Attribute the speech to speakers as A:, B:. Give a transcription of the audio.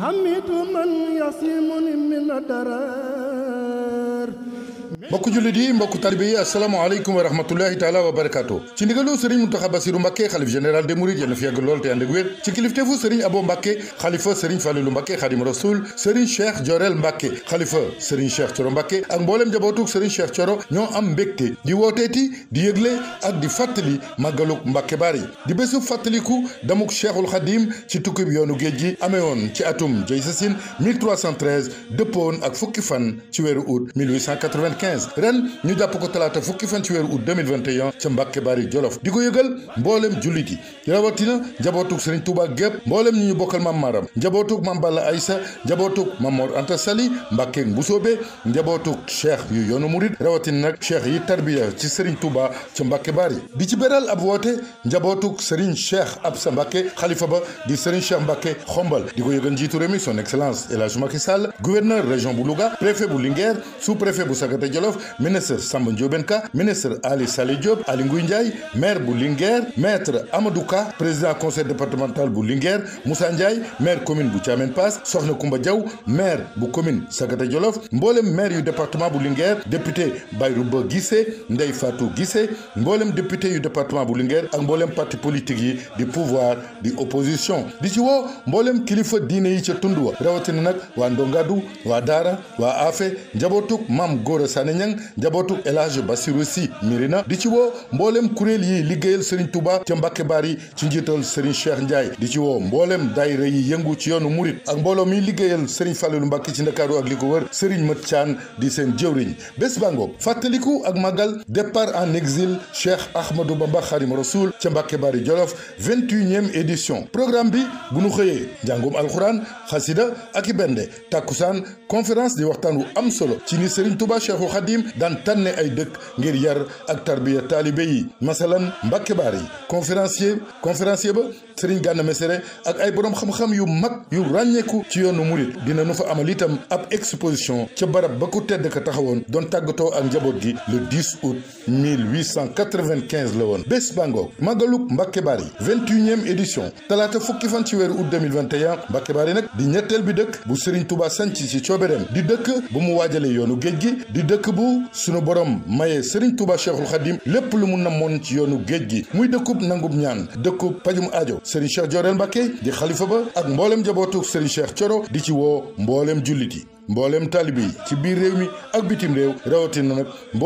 A: حميت من يصيمني من الدرر mbokku jullit yi mbokku talibe yi asalaamaaleykum wa rahmatullahi taala wa barakaatu ci ndigalu sëriñ Muntaxa Basiru Mbàkke xalif général des mourides yéen a fi yàgg lool te ànd ak wér ci kilifteefu sëriñ Abo Mbàkke xalifa sëriñ Falilu Mbàkke xadim rasul sëriñ Cheikh Jorel Mbàkke xalifa sëriñ Cheikh Coro Mbàkke ak mbooleem njabootug sëriñ Cheikh Coro ñoo am mbégte di wooteeti di yëgle ak di fàttali màggaluk Mbàkke Bari di bésu fàttaliku damuk Cheikhul yoonu géej amee woon ci atum jëy sasin 1313 dëppoon ak fan ci weeru août quinze ren ñu jàpp ko talaata fukki fan ci weeru août deux mille vingt et un ca Mbàkke Bari Jolof di ko yëgal mboolem jullit yi rawatina njabootug Serigne Touba gépp mboolem ñu ñu bokkal maam Maram njabootug maam Balla Aysa njabootug maam Mor Anta Sali Mbàkke Mbusoobe njabootug cheikh yu yoonu murit rawatina nag cheikh yi tarbiya ci Serigne Touba ca Mbàkke Bari di ci beral ab woote njabootug Serigne Cheikh Absa Mbàkke xalifa ba di Serigne Cheikh Mbàkke xombal di ko yëgal njiitu réew mi son excellence El Hadj Macky Sall gouverneur région bu Louga préfet bu Linguère sous préfet bu Sagata Jolof ministre Samba Ndiobène Ka ministre Ali Sali Diop Aly Ngouille Ndiaye maire bu Linguère maître Amadou Ka président conseil départemental bu Linguère Moussa Ndiaye maire commune bu Thiamène Pass Soxna Koumba Diaw maire bu commune Sagata Jolof mboolem maire yu département bu Linguère député Bayrouba Guissé Ndeye Fatou Guissé mboolem député yu département bu Linguère ak mboolem parti politique yi di pouvoir di opposition di ci woo mboolem kilifa diine yi ca tund wa rawatina nag Sene Niang njabootu El Hadj si Sy Mirina di ci woo mbooleem kuréel yi liggéeyal Serigne Touba ca Mbacke Bari ci njiital Serigne Cheikh Ndiaye di ci woo mbooleem dayre yi yëngu ci yoonu murit ak mbooloo mi liggéeyal Serigne Fallou Mbacke ci Ndakaaru ak li ko wër Serigne Mat Thian di seen jëwriñ bés bangoog fàttaliku ak màggal départ en exil Cheikh Ahmadou Bamba Khadim Rasoul ca Mbacke Bari Jolof vingt-et-unième édition programme bi bu nu xëyee njàngum alxuraan xasida ak i bende tàkkusaan conférence di waxtaan wu am solo ci ni Serigne Xadim daan tànne ay dëkk ngir yar ak tarbiya taalibe yi masalan Mbàkke Baar yi conférencier conférencier ba Sëriñ Gana Messere ak ay borom xam-xam yu mag yu ràññeeku ci yoonu murit dina nu fa amal itam ab exposition ca barab ba ku tedd ka taxawoon doon tàggatoo ak njaboot gi le 10 août 1895 la woon bés bangoog màggaluk Mbàkke Baar yi 21e édition talaata fukki fan ci weeru août 2021 Mbàkke Baar yi nag di ñetteel bi dëkk bu Sëriñ Tuubaa sanc ci coobereem di dëkk bu mu waajalee yoonu géej gi dëkk bu sunu borom maye Serigne Touba Cheikhul Khadim lépp lu na moon ci yoonu géej gi muy dëkkub nangub ñaan dëkku pajum aajo Serigne Cheikh Diorel Mbacke di xalifa ba ak mbooleem jabootuk Serigne Cheikh Thioro di ci woo mbooleem jullit yi mbooleem taalibe yi ci biir réew mi ak bitim réew rawatina nag